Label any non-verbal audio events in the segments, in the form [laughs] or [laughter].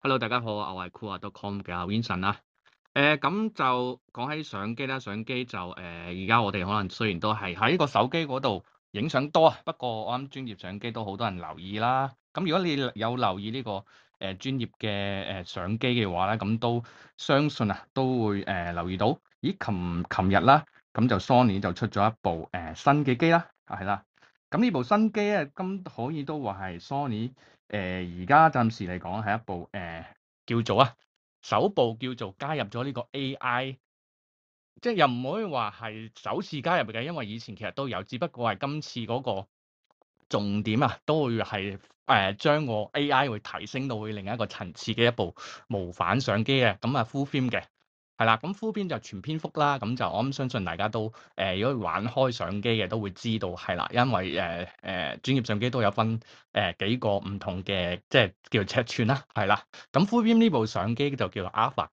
Hello，大家好，我係酷啊到 com 嘅阿 Vincent 啊。誒、呃，咁就講起相機啦，相機就誒，而、呃、家我哋可能雖然都係喺個手機嗰度影相多啊，不過我諗專業相機都好多人留意啦。咁如果你有留意呢個誒專業嘅誒相機嘅話咧，咁都相信啊，都會誒留意到。咦，琴琴日啦，咁就 Sony 就出咗一部誒新嘅機啦，係啦。咁呢部新機啊，咁可以都話係 Sony 誒、呃，而家暫時嚟講係一部誒、呃、叫做啊首部叫做加入咗呢個 AI，即係又唔可以話係首次加入嘅，因為以前其實都有，只不過係今次嗰個重點啊，都會係誒將個 AI 會提升到去另一個層次嘅一部無反相機嘅，咁啊 full frame 嘅。係啦，咁 f u 富邊就全篇幅啦，咁就我諗相信大家都，誒、呃，如果玩開相機嘅都會知道係啦，因為誒誒、呃呃，專業相機都有分誒、呃、幾個唔同嘅，即係叫做尺寸啦，係啦，咁 f u 富邊呢部相機就叫做 Alpha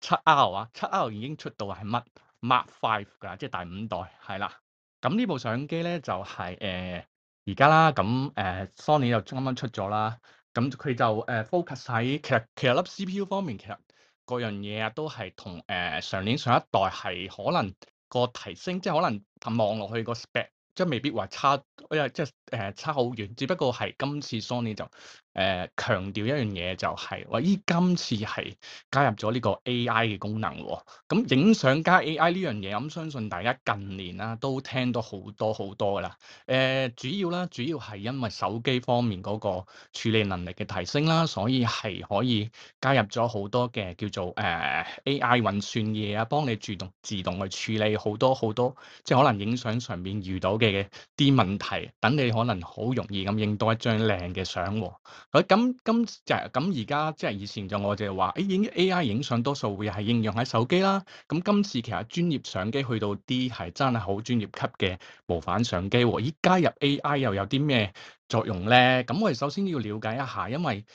七 R 啊，七 R 已經出到係乜 m a r k Five 噶啦，即係第五代，係啦，咁呢部相機咧就係誒而家啦，咁誒、呃、Sony 就啱啱出咗啦，咁佢就誒 focus 喺其實其實粒 CPU 方面其實。其實其實各樣嘢啊，都係同誒、呃、上年上一代係可能個提升，即係可能望落去個 spec，即係未必話差，因、哎、為即係誒、呃、差好遠，只不過係今次 Sony 就。誒強調一樣嘢就係話，依今次係加入咗呢個 AI 嘅功能喎。咁影相加 AI 呢樣嘢，咁相信大家近年啦都聽到好多好多噶啦。誒主要啦，主要係因為手機方面嗰個處理能力嘅提升啦，所以係可以加入咗好多嘅叫做誒 AI 運算嘢啊，幫你自動自動去處理好多好多，即係可能影相上面遇到嘅啲問題，等你可能好容易咁影到一張靚嘅相喎。好，咁今就咁而家即係以前就我就話，誒、哎、影 A.I. 影相多數會係應用喺手機啦。咁、嗯、今次其實專業相機去到啲係真係好專業級嘅無反相機喎、哦。而加入 A.I. 又有啲咩作用咧？咁、嗯、我哋首先要了解一下，因為誒、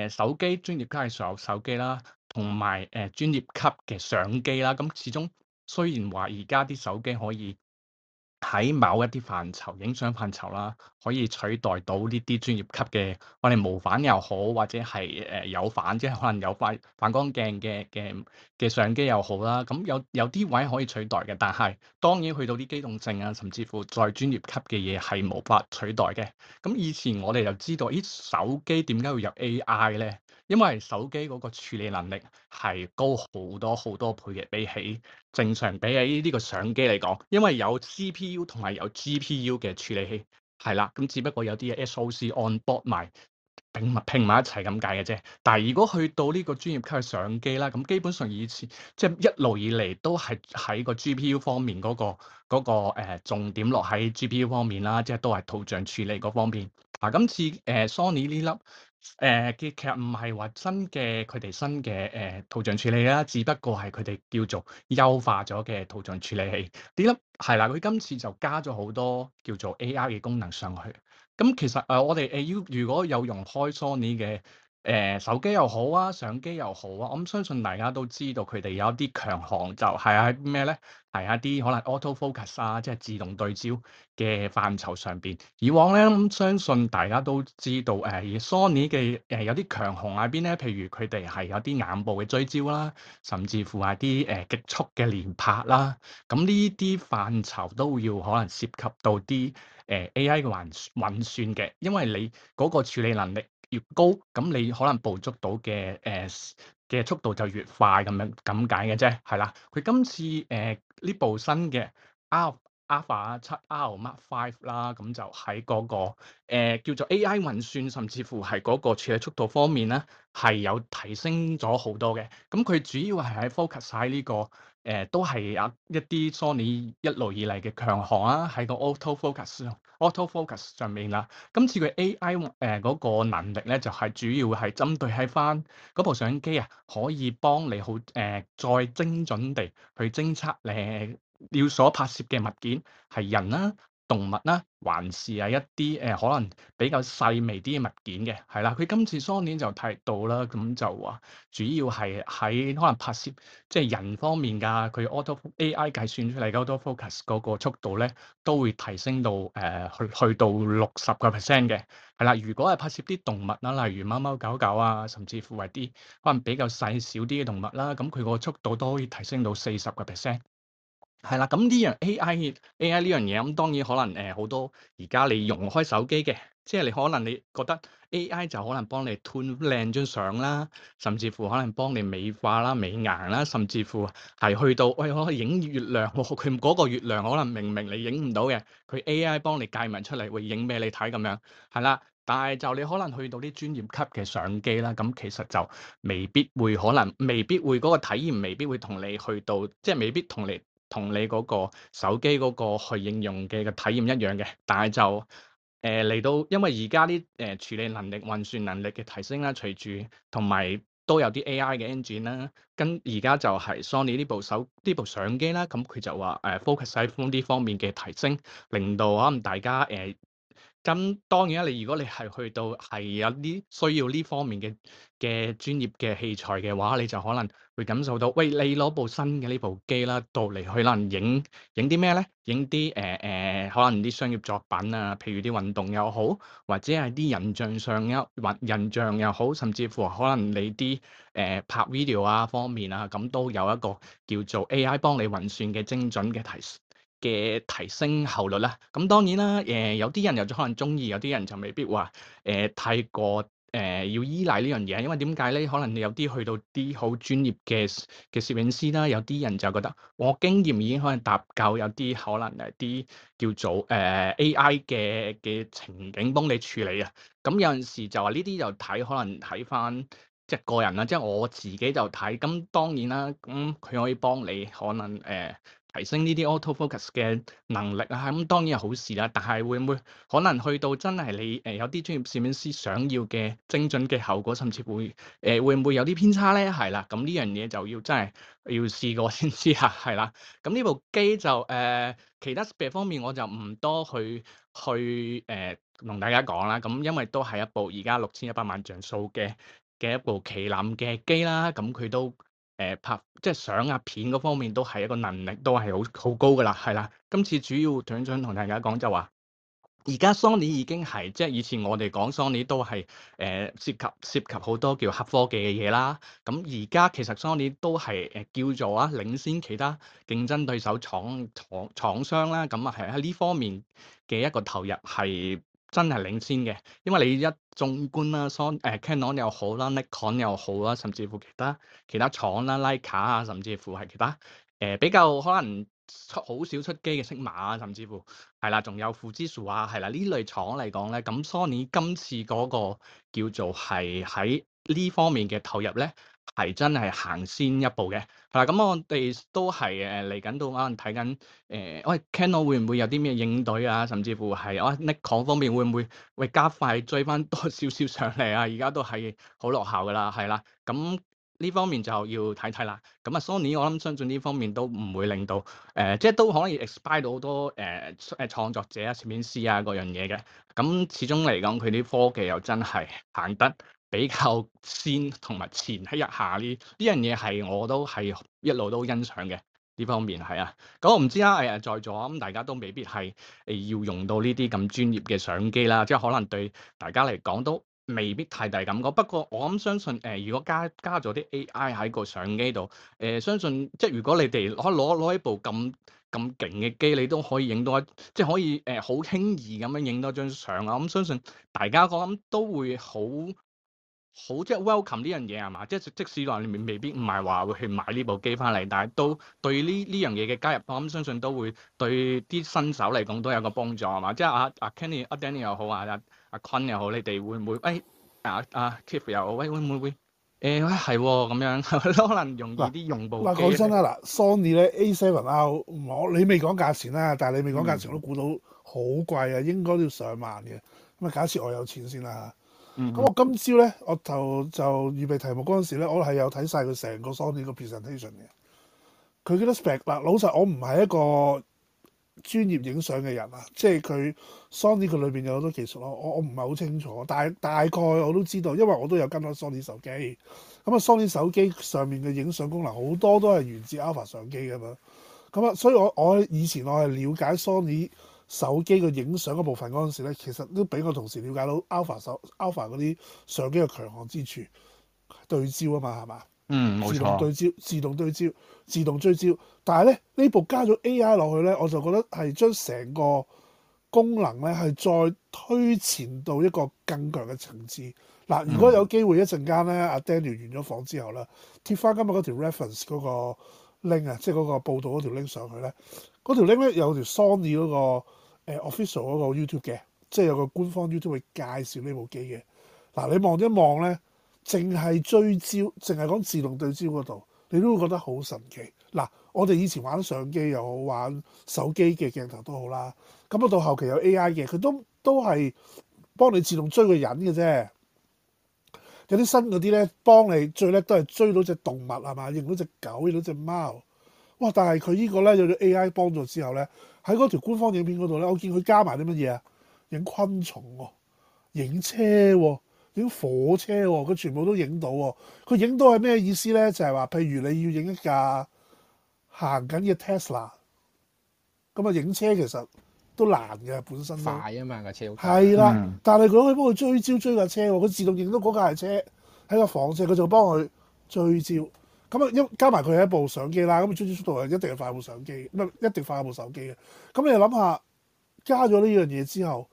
呃、手機專業級係所有手機啦，同埋誒專業級嘅相機啦。咁、嗯、始終雖然話而家啲手機可以。喺某一啲範疇影相範疇啦，可以取代到呢啲專業級嘅，我哋無反又好，或者係誒、呃、有反，即係可能有塊反光鏡嘅嘅嘅相機又好啦。咁有有啲位可以取代嘅，但係當然去到啲機動性啊，甚至乎再專業級嘅嘢係無法取代嘅。咁以前我哋就知道，咦手機點解會有 AI 咧？因為手機嗰個處理能力係高好多好多倍嘅，比起正常比起呢個相機嚟講，因為有 CPU 同埋有 GPU 嘅處理器，係啦，咁只不過有啲 SOC on board 埋拼埋拼埋一齊咁解嘅啫。但係如果去到呢個專業級嘅相機啦，咁基本上以前即係、就是、一路以嚟都係喺個 GPU 方面嗰、那個嗰、那個呃、重點落喺 GPU 方面啦，即係都係圖像處理嗰方面。嗱、啊，今次誒、呃、Sony 呢粒。誒，結局唔係話新嘅，佢哋新嘅誒圖像處理啦，只不過係佢哋叫做優化咗嘅圖像處理器。啲粒係啦，佢今次就加咗好多叫做 AI 嘅功能上去。咁、嗯、其實誒、呃，我哋誒要如果有用開 Sony 嘅。誒、呃，手機又好啊，相機又好啊，我、嗯、咁相、嗯、相信大家都知道，佢、呃、哋、呃、有一啲強項就係喺咩呢？係一啲可能 auto focus 啊，即係自動對焦嘅範疇上邊。以往呢，咁相信大家都知道，誒，Sony 嘅誒有啲強項喺邊呢？譬如佢哋係有啲眼部嘅追焦啦，甚至乎係啲誒極速嘅連拍啦。咁呢啲範疇都要可能涉及到啲誒、呃、AI 嘅運運算嘅，因為你嗰個處理能力越高，咁你可能捕捉到嘅誒嘅速度就越快，咁樣咁解嘅啫，係、呃、啦。佢今次誒呢部新嘅 R Alpha 七 R Mark Five 啦，咁就喺嗰、那個、呃、叫做 AI 運算，甚至乎係嗰個處理速度方面咧，係有提升咗好多嘅。咁、嗯、佢主要係喺 focus 晒呢、這個誒、呃，都係啊一啲 Sony 一路以嚟嘅強項啊，喺個 auto focus 上。Auto Focus 上面啦，今次佢 AI 誒嗰個能力咧，就係、是、主要係針對喺返嗰部相機啊，可以幫你好誒、呃、再精準地去偵測你要所拍攝嘅物件係人啦、啊。動物啦，還是係一啲誒、呃、可能比較細微啲嘅物件嘅，係啦。佢今次 Sony 就提到啦，咁就話主要係喺可能拍攝即係人方面㗎，佢 auto AI 計算出嚟嘅 auto focus 嗰個速度咧，都會提升到誒、呃、去去到六十個 percent 嘅，係啦。如果係拍攝啲動物啦，例如貓貓狗狗啊，甚至乎係啲可能比較細小啲嘅動物啦，咁佢個速度都可以提升到四十個 percent。係啦，咁呢樣 A I A I 呢樣嘢，咁、嗯、當然可能誒好、呃、多而家你用開手機嘅，即係你可能你覺得 A I 就可能幫你燙靚張相啦，甚至乎可能幫你美化啦、美顏啦，甚至乎係去到喂我影月亮、哦，佢嗰個月亮可能明明你影唔到嘅，佢 A I 幫你計埋出嚟，會影畀你睇咁樣係啦。但係就你可能去到啲專業級嘅相機啦，咁其實就未必會可能未必會嗰個體驗，未必會同、那個、你去到即係未必同你。同你嗰個手機嗰個去應用嘅嘅體驗一樣嘅，但係就誒嚟、呃、到，因為而家啲誒處理能力、運算能力嘅提升啦、啊，隨住同埋都有啲 AI 嘅 engine 啦，跟而家就係 Sony 呢部手呢部相機啦、啊，咁、嗯、佢就話誒 focus o 喺呢方面嘅提升，令到可能、嗯、大家誒。呃咁當然啦，你如果你係去到係有啲需要呢方面嘅嘅專業嘅器材嘅話，你就可能會感受到，喂，你攞部新嘅呢部機啦，到嚟去可能影影啲咩咧？影啲誒誒，可能啲商業作品啊，譬如啲運動又好，或者係啲人像上一運人像又好，甚至乎可能你啲誒、呃、拍 video 啊方面啊，咁都有一個叫做 AI 幫你運算嘅精準嘅提示。嘅提升效率啦，咁當然啦，誒、呃、有啲人又可能中意，有啲人就未必話誒、呃、太過誒、呃、要依賴呢樣嘢，因為點解咧？可能你有啲去到啲好專業嘅嘅攝影師啦，有啲人就覺得我經驗已經可能搭夠，有啲可能誒啲叫做誒、呃、AI 嘅嘅情景幫你處理啊。咁有陣時就話呢啲就睇可能睇翻即係個人啦，即係我自己就睇。咁當然啦，咁、嗯、佢可以幫你可能誒。呃提升呢啲 auto focus 嘅能力啊，咁當然係好事啦。但係會唔會可能去到真係你誒、呃、有啲專業攝影師想要嘅精準嘅效果，甚至會誒、呃、會唔會有啲偏差咧？係啦，咁、嗯、呢樣嘢就要真係要試過先知啦，係、嗯、啦。咁呢部機就誒、呃、其他方面我就唔多去去誒同、呃、大家講啦。咁、嗯、因為都係一部而家六千一百萬像素嘅嘅一部旗艦嘅機啦，咁、嗯、佢都。誒拍即係相啊片嗰方面都係一個能力都係好好高噶啦，係啦。今次主要想想同大家講就話，而家 Sony 已經係即係以前我哋講 Sony 都係誒、呃、涉及涉及好多叫黑科技嘅嘢啦。咁而家其實 Sony 都係誒叫做啊，領先其他競爭對手廠廠廠商啦。咁啊係喺呢方面嘅一個投入係。真係領先嘅，因為你一縱觀啦，Canon 又好啦，Nikon 又好啦，甚至乎其他其他廠啦，Leica 啊，ika，甚至乎係其他誒、呃、比較可能出好少出機嘅 Sigma 啊，甚至乎係啦，仲有富士啊，係啦，呢類廠嚟講咧，咁 Sony 今次嗰個叫做係喺呢方面嘅投入咧。係真係行先一步嘅，嗱咁我哋都係誒嚟緊到可能睇緊誒，喂 Canon 會唔會有啲咩應對啊？甚至乎係啊、欸、Nikon 方面會唔會會加快追翻多少少上嚟啊？而家都係好落後噶啦，係啦，咁呢方面就要睇睇啦。咁啊 Sony 我諗相信呢方面都唔會令到誒、呃，即係都可以 expect 到好多誒誒創作者啊、攝影師啊各樣嘢嘅。咁始終嚟講，佢啲科技又真係行得。比較先同埋前喺日下呢，呢樣嘢係我都係一路都欣賞嘅呢方面係啊。咁我唔知啦，誒在座咁大家都未必係誒要用到呢啲咁專業嘅相機啦，即係可能對大家嚟講都未必太大感覺。不過我諗相信誒、呃，如果加加咗啲 A.I. 喺個相機度，誒、呃、相信即係如果你哋可攞攞一部咁咁勁嘅機，你都可以影到一即係可以誒好、呃、輕易咁樣影到一張相啦。咁相信大家我諗都會好。好即係、就是、Welcome 呢樣嘢係嘛？即係即使內面未必唔係話會去買呢部機翻嚟，但係都對呢呢樣嘢嘅加入，我諗相信都會對啲新手嚟講都有個幫助係嘛？即係啊啊 Kenny 阿 Danny 又好啊啊坤又好，你哋會唔會？喂、哎、啊啊 Kip 又好，喂會唔會？誒係喎咁樣，可能容易啲用部嗱講真啦嗱，Sony 咧 A7 啊，我你未講價錢啦，但係你未講價錢、嗯、我都估到好貴啊，應該要上萬嘅咁啊。假設我有錢先啦咁、嗯嗯、我今朝咧，我就就預備題目嗰陣時咧，我係有睇晒佢成個 Sony 個 presentation 嘅。佢記得 spec 啦？老實，我唔係一個專業影相嘅人啊，即係佢 Sony 佢裏邊有好多技術咯，我我唔係好清楚，但大，大概我都知道，因為我都有跟開 Sony 手機。咁啊，Sony 手機上面嘅影相功能好多都係源自 Alpha 相機㗎嘛。咁啊，所以我我以前我係了解 Sony。手機個影相部分嗰陣時咧，其實都俾我同事了解到 Alpha, Alpha 手 Alpha 嗰啲相機嘅強項之處，對焦啊嘛，係嘛？嗯，冇錯。自動對焦，自動對焦，自動追焦。但係咧，呢部加咗 AI 落去咧，我就覺得係將成個功能咧係再推前到一個更強嘅層次。嗱，如果有機會一陣間咧，阿、嗯啊、Daniel 完咗房之後咧，貼翻今日嗰條 reference 嗰個 link 啊，即係嗰個報道嗰條 link 上去咧，嗰條 link 咧有條 Sony 嗰、嗰個。Official 嗰個 YouTube 嘅，即係有個官方 YouTube 介紹呢部機嘅。嗱，你望一望咧，淨係追焦，淨係講自動對焦嗰度，你都會覺得好神奇。嗱，我哋以前玩相機又好，玩手機嘅鏡頭都好啦。咁啊，到後期有 AI 嘅，佢都都係幫你自動追個人嘅啫。有啲新嗰啲咧，幫你追，最叻都係追到隻動物係嘛？認到隻狗，認到隻貓。哇！但係佢呢個咧有咗 AI 幫助之後咧，喺嗰條官方影片嗰度咧，我見佢加埋啲乜嘢啊？影昆蟲喎、哦，影車喎、哦，影火車喎、哦，佢全部都影到喎、哦。佢影到係咩意思咧？就係、是、話，譬如你要影一架行緊嘅 Tesla，咁啊影車其實都難嘅本身。快啊嘛架車，係啦，但係佢可以幫佢追焦追架車，佢自動影到嗰架車喺個房車，佢就幫佢追焦。咁啊，因、嗯、加埋佢係一部相機啦。咁專注速度係一定係快過部相機，唔、嗯、一定快過部手機嘅。咁、嗯、你諗下，加咗呢樣嘢之後，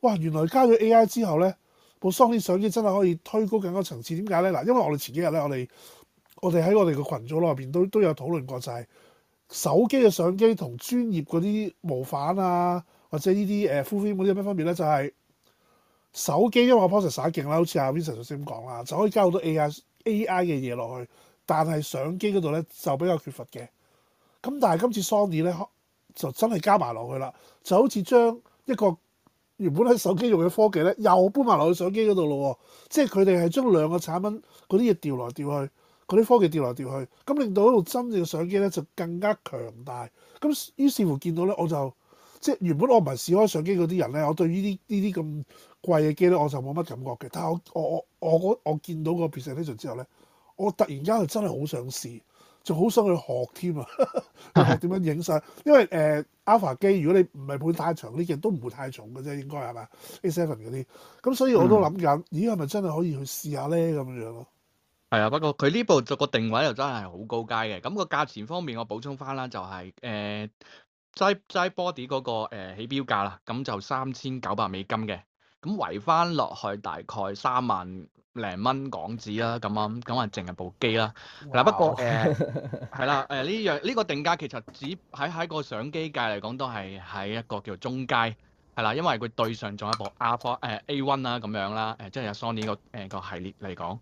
哇！原來加咗 A.I. 之後咧，部 Sony 相機真係可以推高更多層次。點解咧？嗱，因為我哋前幾日咧，我哋我哋喺我哋個羣組內邊都都有討論過、就是，就係手機嘅相機同專業嗰啲無反啊，或者呢啲誒 full frame 啲有咩分別咧？就係、是、手機因為 processor 耍勁啦，好似阿 Vincent 頭先咁講啦，就可以加好多 A.I. A.I. 嘅嘢落去。但係相機嗰度咧就比較缺乏嘅，咁但係今次 Sony 咧就真係加埋落去啦，就好似將一個原本喺手機用嘅科技咧又搬埋落去相機嗰度咯喎，即係佢哋係將兩個產品嗰啲嘢調來調去，嗰啲科技調來調去，咁令到嗰度真正嘅相機咧就更加強大。咁於是乎見到咧，我就即係原本我唔係試開相機嗰啲人咧，我對呢啲呢啲咁貴嘅機咧我就冇乜感覺嘅。但係我我我我我見到個 presentation 之後咧。我突然間係真係好想試，仲好想去學添啊！點樣影相？ [laughs] 因為誒、呃、Alpha 機，如果你唔係判太長，呢件都唔會太重嘅啫，應該係嘛？A Seven 嗰啲，咁所以我都諗緊，嗯、咦，係咪真係可以去試下咧？咁樣咯，係啊。不過佢呢部作個定位又真係好高階嘅。咁、那個價錢方面，我補充翻啦、就係，呃那個呃、就係誒齋齋 body 嗰個起標價啦，咁就三千九百美金嘅，咁圍翻落去大概三萬。零蚊港紙啦，咁啱 Wow.，咁、呃、啊，淨係部機啦。嗱、呃，不過誒，係啦，誒呢樣呢個定價，其實只喺喺個相機界嚟講都係喺一個叫做中階，係啦，因為佢對上仲有一部阿 four，誒 A1 啦咁樣啦，誒、呃，即、就、係、是、阿 Sony 個誒個、呃、系列嚟講。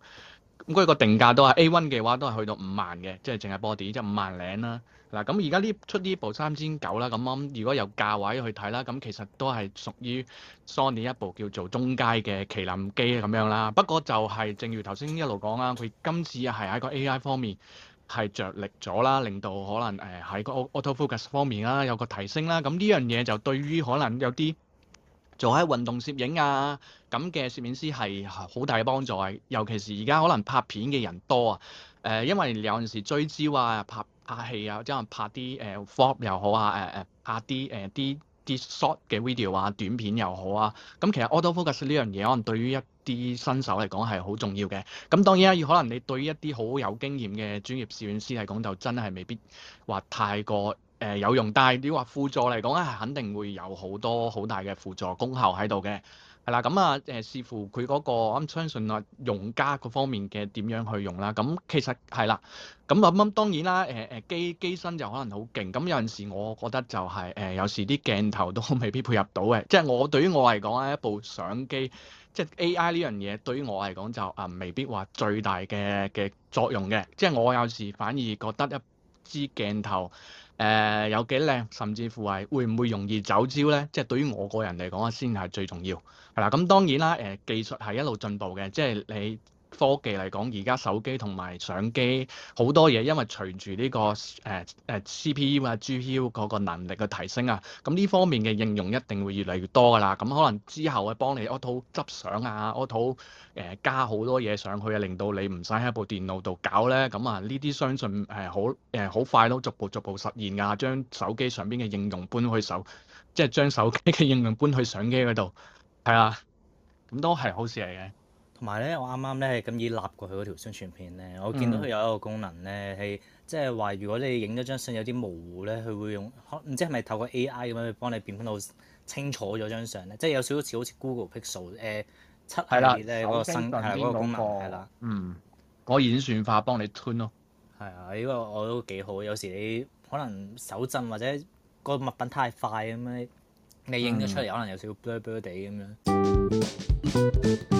咁佢個定價都係 A1 嘅話都係去到五萬嘅，即係淨係 body 即係五萬零啦。嗱，咁而家呢出呢部三千九啦，咁如果由價位去睇啦，咁其實都係屬於 Sony 一部叫做中階嘅旗艦機咁樣啦。不過就係正如頭先一路講啦，佢今次又係喺個 AI 方面係着力咗啦，令到可能誒喺個 auto focus 方面啦有個提升啦。咁呢樣嘢就對於可能有啲做喺運動攝影啊。咁嘅攝影師係好大嘅幫助，尤其是而家可能拍片嘅人多啊。誒、呃，因為有陣時追焦啊、拍拍戲啊，即可能拍啲誒 form 又好啊，誒、呃、誒拍啲誒啲啲 short 嘅 video 啊、短片又好啊。咁、嗯、其實 auto focus 呢樣嘢可能對於一啲新手嚟講係好重要嘅。咁、嗯、當然啊，可能你對於一啲好有經驗嘅專業攝影師嚟講就真係未必話太過誒、呃、有用，但係你話輔助嚟講咧，係肯定會有好多好大嘅輔助功效喺度嘅。係啦，咁啊誒，視乎佢嗰個，我諗相信啊，用家嗰方面嘅點樣去用啦。咁其實係啦，咁咁當然啦，誒誒機機身就可能好勁。咁有陣時我覺得就係誒，有時啲鏡頭都未必配合到嘅。即係我對於我嚟講咧，一部相機，即係 AI 呢樣嘢，對於我嚟講就啊，未必話最大嘅嘅作用嘅。即係我有時反而覺得一支鏡頭誒有幾靚，甚至乎係會唔會容易走焦咧？即係對於我個人嚟講先係最重要。係啦，咁、嗯、當然啦，誒技術係一路進步嘅，即係你科技嚟講，而家手機同埋相機好多嘢，因為隨住呢、這個誒誒、uh, uh, C P U、uh, 啊 G P U 嗰個能力嘅提升啊，咁、嗯、呢方面嘅應用一定會越嚟越多㗎啦。咁、嗯、可能之後啊幫你 auto 執相啊，auto 加好多嘢上去啊，令到你唔使喺部電腦度搞咧。咁啊呢啲相信誒好誒好快都逐步逐步實現啊，將手機上邊嘅應用搬去手，即、就、係、是、將手機嘅應用搬去相機嗰度。係啊，咁都係好事嚟嘅。同埋咧，我啱啱咧咁已立過去嗰條宣傳片咧，我見到佢有一個功能咧，係即係話如果你影咗張相有啲模糊咧，佢會用唔知係咪透過 AI 咁樣去幫你變翻到清楚咗張相咧，即係有少少似好似 Google Pixel 誒、呃、七系列咧嗰個新精、啊那個功能，係啦個，啊、嗯，我、那個、演算法幫你 turn 咯，係啊，呢個我都幾好，有時你可能手震或者個物品太快咁咧。你影咗出嚟，可能有少少 blur blur 地咁樣。 [music]